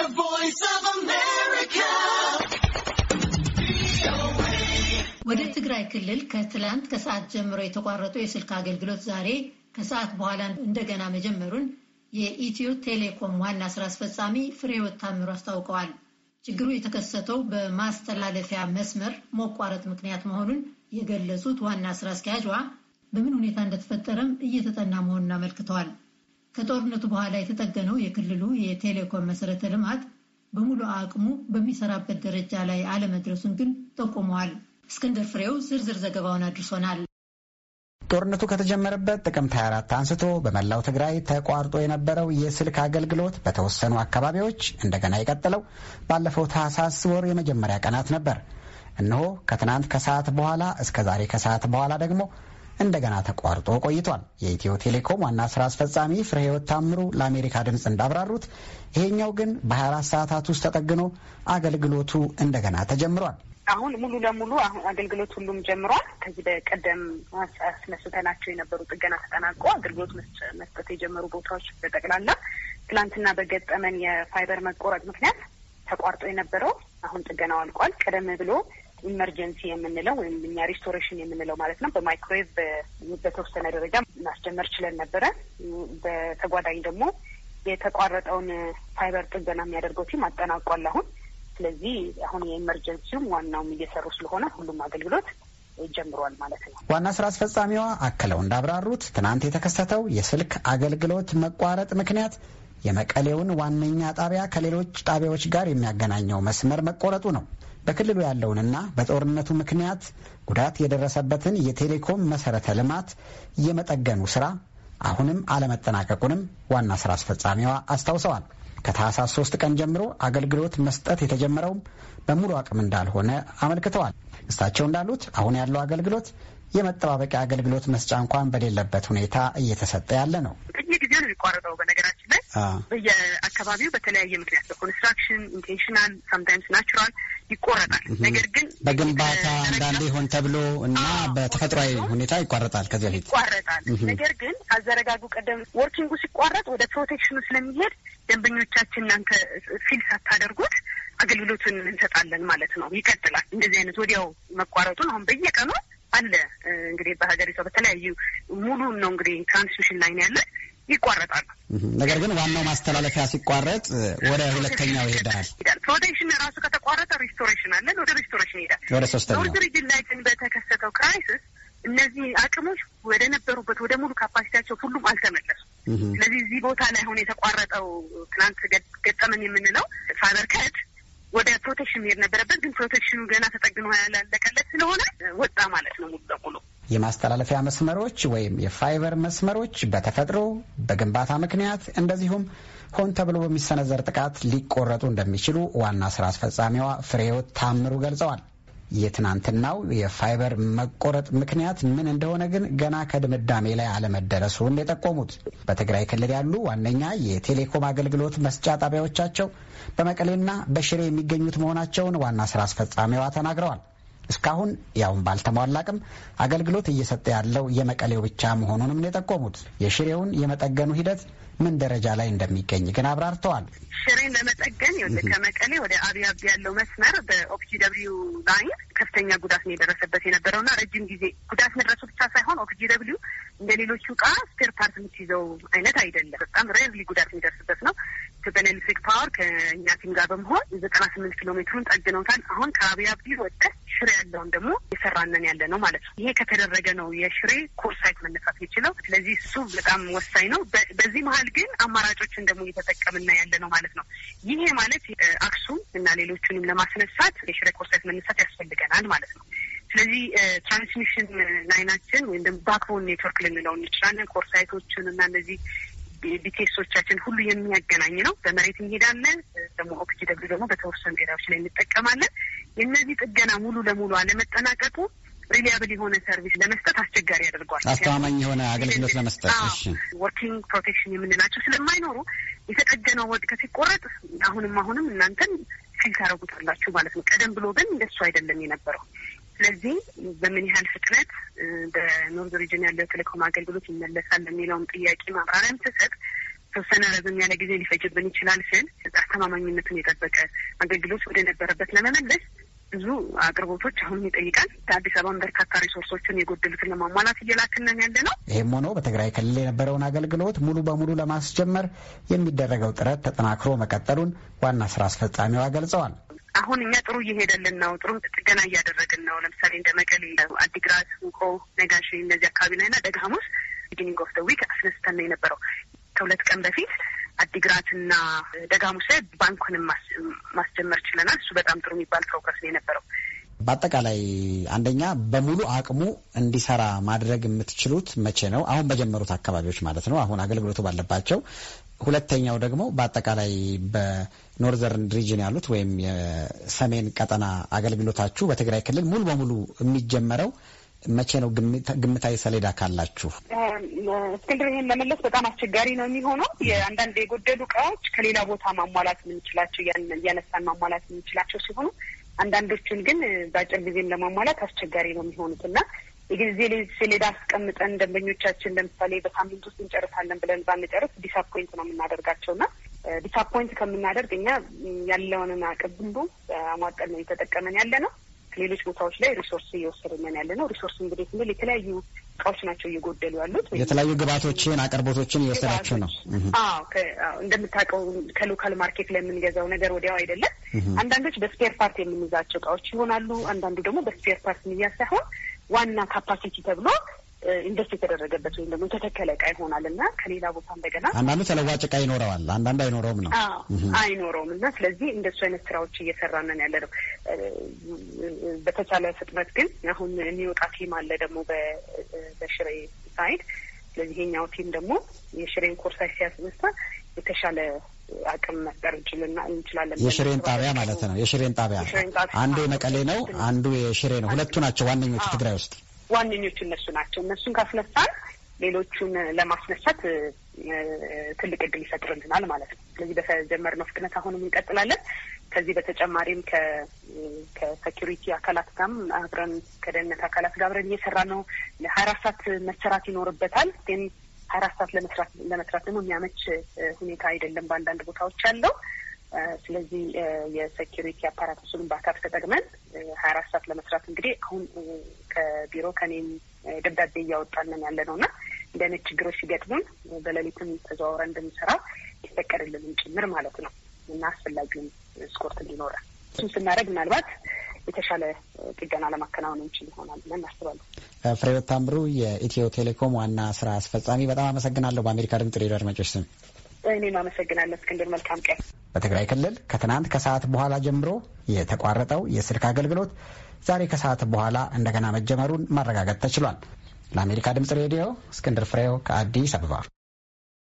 The Voice of America. ወደ ትግራይ ክልል ከትላንት ከሰዓት ጀምሮ የተቋረጠው የስልክ አገልግሎት ዛሬ ከሰዓት በኋላ እንደገና መጀመሩን የኢትዮ ቴሌኮም ዋና ስራ አስፈጻሚ ፍሬሕይወት ታምሩ አስታውቀዋል። ችግሩ የተከሰተው በማስተላለፊያ መስመር መቋረጥ ምክንያት መሆኑን የገለጹት ዋና ስራ አስኪያጇ በምን ሁኔታ እንደተፈጠረም እየተጠና መሆኑን አመልክተዋል። ከጦርነቱ በኋላ የተጠገነው የክልሉ የቴሌኮም መሰረተ ልማት በሙሉ አቅሙ በሚሰራበት ደረጃ ላይ አለመድረሱን ግን ጠቁመዋል። እስክንድር ፍሬው ዝርዝር ዘገባውን አድርሶናል። ጦርነቱ ከተጀመረበት ጥቅምት 24 አንስቶ በመላው ትግራይ ተቋርጦ የነበረው የስልክ አገልግሎት በተወሰኑ አካባቢዎች እንደገና የቀጠለው ባለፈው ታህሳስ ወር የመጀመሪያ ቀናት ነበር። እነሆ ከትናንት ከሰዓት በኋላ እስከ ዛሬ ከሰዓት በኋላ ደግሞ እንደገና ተቋርጦ ቆይቷል። የኢትዮ ቴሌኮም ዋና ስራ አስፈጻሚ ፍሬህይወት ታምሩ ለአሜሪካ ድምፅ እንዳብራሩት ይሄኛው ግን በ24 ሰዓታት ውስጥ ተጠግኖ አገልግሎቱ እንደገና ተጀምሯል። አሁን ሙሉ ለሙሉ አሁን አገልግሎት ሁሉም ጀምሯል። ከዚህ በቀደም አስነስተናቸው የነበሩ ጥገና ተጠናቆ አገልግሎት መስጠት የጀመሩ ቦታዎች በጠቅላላ ትላንትና በገጠመን የፋይበር መቆረጥ ምክንያት ተቋርጦ የነበረው አሁን ጥገናው አልቋል። ቀደም ብሎ ኢመርጀንሲ የምንለው ወይም እኛ ሪስቶሬሽን የምንለው ማለት ነው። በማይክሮዌቭ በተወሰነ ደረጃ ማስጀመር ችለን ነበረ። በተጓዳኝ ደግሞ የተቋረጠውን ፋይበር ጥገና የሚያደርገው ቲም አጠናቋል አሁን። ስለዚህ አሁን የኢመርጀንሲውም ዋናውም እየሰሩ ስለሆነ ሁሉም አገልግሎት ጀምሯል ማለት ነው። ዋና ስራ አስፈጻሚዋ አክለው እንዳብራሩት ትናንት የተከሰተው የስልክ አገልግሎት መቋረጥ ምክንያት የመቀሌውን ዋነኛ ጣቢያ ከሌሎች ጣቢያዎች ጋር የሚያገናኘው መስመር መቆረጡ ነው። በክልሉ ያለውንና በጦርነቱ ምክንያት ጉዳት የደረሰበትን የቴሌኮም መሰረተ ልማት የመጠገኑ ስራ አሁንም አለመጠናቀቁንም ዋና ስራ አስፈጻሚዋ አስታውሰዋል። ከታህሳስ ሶስት ቀን ጀምሮ አገልግሎት መስጠት የተጀመረውም በሙሉ አቅም እንዳልሆነ አመልክተዋል። እሳቸው እንዳሉት አሁን ያለው አገልግሎት የመጠባበቂያ አገልግሎት መስጫ እንኳን በሌለበት ሁኔታ እየተሰጠ ያለ ነው። ጊዜ ነው የሚቋረጠው። በነገራችን ላይ በየአካባቢው በተለያየ ምክንያት በኮንስትራክሽን ኢንቴንሽናል፣ ሳምታይምስ ናቹራል ይቆረጣል። ነገር ግን በግንባታ አንዳንዴ ሆን ተብሎ እና በተፈጥሯዊ ሁኔታ ይቋረጣል። ከዚህ በፊት ይቋረጣል። ነገር ግን አዘረጋጉ ቀደም ወርኪንጉ ሲቋረጥ ወደ ፕሮቴክሽኑ ስለሚሄድ ደንበኞቻችን እናንተ ፊል ሳታደርጉት አገልግሎቱን እንሰጣለን ማለት ነው። ይቀጥላል። እንደዚህ አይነት ወዲያው መቋረጡን አሁን በየቀኑ አለ እንግዲህ በሀገሪቷ በተለያዩ ሙሉን ነው እንግዲህ ትራንስሚሽን ላይን ያለ ይቋረጣሉ። ነገር ግን ዋናው ማስተላለፊያ ሲቋረጥ ወደ ሁለተኛው ይሄዳል። ፕሮቴክሽን ራሱ ከተቋረጠ ሪስቶሬሽን አለን፣ ወደ ሪስቶሬሽን ይሄዳል። ወደ ሶስተኛው ኖርዝ ሪጅን ላይ ግን በተከሰተው ክራይሲስ እነዚህ አቅሞች ወደ ነበሩበት ወደ ሙሉ ካፓሲቲያቸው ሁሉም አልተመለሱ። ስለዚህ እዚህ ቦታ ላይ ሆነ የተቋረጠው ትናንት ገጠመን የምንለው ፋይበር ከት ወደ ፕሮቴክሽን መሄድ ነበረበት፣ ግን ፕሮቴክሽኑ ገና ተጠግኖ ያላለቀለት ስለሆነ ወጣ ማለት ነው ሙሉ ለሙሉ። የማስተላለፊያ መስመሮች ወይም የፋይበር መስመሮች በተፈጥሮ በግንባታ ምክንያት እንደዚሁም ሆን ተብሎ በሚሰነዘር ጥቃት ሊቆረጡ እንደሚችሉ ዋና ስራ አስፈጻሚዋ ፍሬህይወት ታምሩ ገልጸዋል። የትናንትናው የፋይበር መቆረጥ ምክንያት ምን እንደሆነ ግን ገና ከድምዳሜ ላይ አለመደረሱን የጠቆሙት በትግራይ ክልል ያሉ ዋነኛ የቴሌኮም አገልግሎት መስጫ ጣቢያዎቻቸው በመቀሌና በሽሬ የሚገኙት መሆናቸውን ዋና ስራ አስፈጻሚዋ ተናግረዋል። እስካሁን ያውም ባልተሟላ አቅም አገልግሎት እየሰጠ ያለው የመቀሌው ብቻ መሆኑንም ነው የጠቆሙት። የሽሬውን የመጠገኑ ሂደት ምን ደረጃ ላይ እንደሚገኝ ግን አብራርተዋል። ሽሬን ለመጠገን ከመቀሌ ወደ አብያብ ያለው መስመር በኦፒጂ ደብልዩ ላይን ከፍተኛ ጉዳት ነው የደረሰበት የነበረው የነበረውና ረጅም ጊዜ ጉዳት መድረሱ ብቻ ሳይሆን ኦፒጂ እንደ ሌሎቹ እቃ ስፔር ፓርት የምትይዘው አይነት አይደለም። በጣም ሬርሊ ጉዳት የሚደርስበት ነው። ኢትዮጵያን ኤሌክትሪክ ፓወር ከእኛ ቲም ጋር በመሆን ዘጠና ስምንት ኪሎ ሜትሩን ጠግነውታል። አሁን ከአብያብ ወደ ሽሬ ያለውን ደግሞ የሰራነን ያለ ነው ማለት ነው። ይሄ ከተደረገ ነው የሽሬ ኮርሳይት መነሳት የችለው። ስለዚህ እሱ በጣም ወሳኝ ነው። በዚህ መሀል ግን አማራጮችን ደግሞ እየተጠቀምና ያለ ነው ማለት ነው። ይሄ ማለት አክሱም እና ሌሎቹንም ለማስነሳት የሽሬ ኮርሳይት መነሳት ያስፈልገናል ማለት ነው። ስለዚህ ትራንስሚሽን ላይናችን ወይም ደግሞ ባክቦን ኔትወርክ ልንለው እንችላለን። ኮርሳይቶችን እና እነዚህ ቢኬሶቻችን ሁሉ የሚያገናኝ ነው። በመሬት እንሄዳለን። ደግሞ ኦክጂ ደብሉ ደግሞ በተወሰኑ ኤሪያዎች ላይ እንጠቀማለን። የእነዚህ ጥገና ሙሉ ለሙሉ አለመጠናቀቁ ሪሊያብል የሆነ ሰርቪስ ለመስጠት አስቸጋሪ ያደርገዋል። አስተማማኝ የሆነ አገልግሎት ለመስጠት ወርኪንግ ፕሮቴክሽን የምንላቸው ስለማይኖሩ የተጠገነው ወድቅ ከሲቆረጥ አሁንም አሁንም እናንተን ፊል ማለት ነው። ቀደም ብሎ ግን እንደሱ አይደለም የነበረው። ስለዚህ በምን ያህል ፍጥነት በኖርዝ ሪጅን ያለው ቴሌኮም አገልግሎት ይመለሳል የሚለውን ጥያቄ ማብራሪያም ስሰጥ ተወሰነ ረዘም ያለ ጊዜ ሊፈጅብን ይችላል ስል አስተማማኝነቱን የጠበቀ አገልግሎት ወደ ነበረበት ለመመለስ ብዙ አቅርቦቶች አሁንም ይጠይቃል። አዲስ አበባን በርካታ ሪሶርሶችን የጎደሉትን ለማሟላት እየላክነን ያለ ነው። ይህም ሆኖ በትግራይ ክልል የነበረውን አገልግሎት ሙሉ በሙሉ ለማስጀመር የሚደረገው ጥረት ተጠናክሮ መቀጠሉን ዋና ስራ አስፈጻሚዋ ገልጸዋል። አሁን እኛ ጥሩ እየሄደልን ነው። ጥሩ ጥገና እያደረግን ነው። ለምሳሌ እንደ መቀሌ፣ አዲግራት፣ ውቆ፣ ነጋሽ እነዚህ አካባቢ ላይ ና ደግ ቢጊኒንግ ኦፍ ደ ዊክ አስነስተን ነው የነበረው ከሁለት ቀን በፊት አዲግራትና ደጋሙስ ላይ ባንኩንም ማስጀመር ችለናል። እሱ በጣም ጥሩ የሚባል ፕሮግረስ ነው የነበረው። በአጠቃላይ አንደኛ በሙሉ አቅሙ እንዲሰራ ማድረግ የምትችሉት መቼ ነው? አሁን በጀመሩት አካባቢዎች ማለት ነው፣ አሁን አገልግሎቱ ባለባቸው። ሁለተኛው ደግሞ በአጠቃላይ ኖርዘርን ሪጅን ያሉት ወይም የሰሜን ቀጠና አገልግሎታችሁ በትግራይ ክልል ሙሉ በሙሉ የሚጀመረው መቼ ነው? ግምታዊ ሰሌዳ ካላችሁ። እስክንድር፣ ይህን ለመለስ በጣም አስቸጋሪ ነው የሚሆነው። የአንዳንድ የጎደሉ እቃዎች ከሌላ ቦታ ማሟላት የምንችላቸው እያነሳን ማሟላት የምንችላቸው ሲሆኑ አንዳንዶቹን ግን በአጭር ጊዜም ለማሟላት አስቸጋሪ ነው የሚሆኑት እና የጊዜ ሰሌዳ አስቀምጠን ደንበኞቻችን ለምሳሌ በሳምንት ውስጥ እንጨርሳለን ብለን ባንጨርስ ዲስአፖይንት ነው የምናደርጋቸው እና ዲስአፖይንት ከምናደርግ እኛ ያለውንን አቅም ሁሉ አሟጠን ነው እየተጠቀመን ያለ ነው። ሌሎች ቦታዎች ላይ ሪሶርስ እየወሰድን ያለ ነው። ሪሶርስ እንግዲህ ስንል የተለያዩ እቃዎች ናቸው እየጎደሉ ያሉት። የተለያዩ ግብዓቶችን፣ አቅርቦቶችን እየወሰዳቸው ነው። አዎ እንደምታውቀው ከሎካል ማርኬት ላይ የምንገዛው ነገር ወዲያው አይደለም። አንዳንዶች በስፔር ፓርት የምንይዛቸው እቃዎች ይሆናሉ። አንዳንዱ ደግሞ በስፔር ፓርት ምያ ሳይሆን ዋና ካፓሲቲ ተብሎ ኢንቨስት የተደረገበት ወይም ደግሞ የተተከለ እቃ ይሆናል እና ከሌላ ቦታ እንደገና አንዳንዱ ተለዋጭ እቃ ይኖረዋል፣ አንዳንዱ አይኖረውም ነው አይኖረውም። እና ስለዚህ እንደሱ አይነት ስራዎች እየሰራን ነን ያለ ነው። በተቻለ ፍጥነት ግን አሁን የሚወጣ ቲም አለ ደግሞ በሽሬ ሳይድ። ስለዚህ ይሄኛው ቲም ደግሞ የሽሬን ኮርሳ ሲያስነሳ የተሻለ አቅም መፍጠር እንችላለን። የሽሬን ጣቢያ ማለት ነው። የሽሬን ጣቢያ አንዱ የመቀሌ ነው፣ አንዱ የሽሬ ነው። ሁለቱ ናቸው ዋነኞቹ ትግራይ ውስጥ ዋነኞቹ እነሱ ናቸው። እነሱን ካስነሳን ሌሎቹን ለማስነሳት ትልቅ እድል ይፈጥርልናል ማለት ነው። ስለዚህ በተጀመርነው ፍጥነት አሁንም እንቀጥላለን። ከዚህ በተጨማሪም ከሴኪሪቲ አካላት ጋርም አብረን ከደህንነት አካላት ጋር አብረን እየሰራ ነው። ለሀያ አራት ሰዓት መሰራት ይኖርበታል ግን ሀያ አራት ሰዓት ለመስራት ለመስራት ደግሞ የሚያመች ሁኔታ አይደለም በአንዳንድ ቦታዎች ያለው ስለዚህ የሴኪሪቲ አፓራቶሱንም በአካል ተጠቅመን ሀያ አራት ሰዓት ለመስራት እንግዲህ አሁን ከቢሮ ከኔም ደብዳቤ እያወጣልን ያለ ነው እና እንደ አይነት ችግሮች ሲገጥሙን በሌሊትም ተዘዋውረ እንድንሰራ ይፈቀድልንም ጭምር ማለት ነው እና አስፈላጊውን ስኮርት እንዲኖረን እሱም ስናደርግ ምናልባት የተሻለ ጥገና ለማከናወን እንችል ይሆናል ብለን እናስባለን። ፍሬህይወት ታምሩ የኢትዮ ቴሌኮም ዋና ስራ አስፈጻሚ፣ በጣም አመሰግናለሁ። በአሜሪካ ድምጽ ሬዲዮ አድማጮች ስም እኔም አመሰግናለሁ። እስክንድር መልካም ቀን በትግራይ ክልል ከትናንት ከሰዓት በኋላ ጀምሮ የተቋረጠው የስልክ አገልግሎት ዛሬ ከሰዓት በኋላ እንደገና መጀመሩን ማረጋገጥ ተችሏል። ለአሜሪካ ድምፅ ሬዲዮ እስክንድር ፍሬው ከአዲስ አበባ